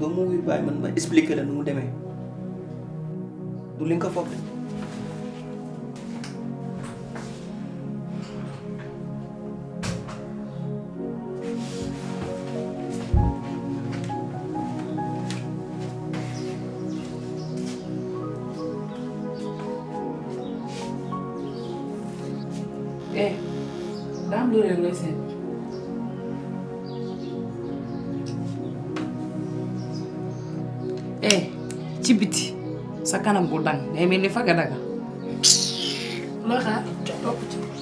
Doon mo ibahin man, ma-explain ka lang nung deme. Duling ka, fuck. Eh, dám đưa đường lên xe. ci eh, biti sa kanam bu dang day mel ni faga daga loo xaar topp ci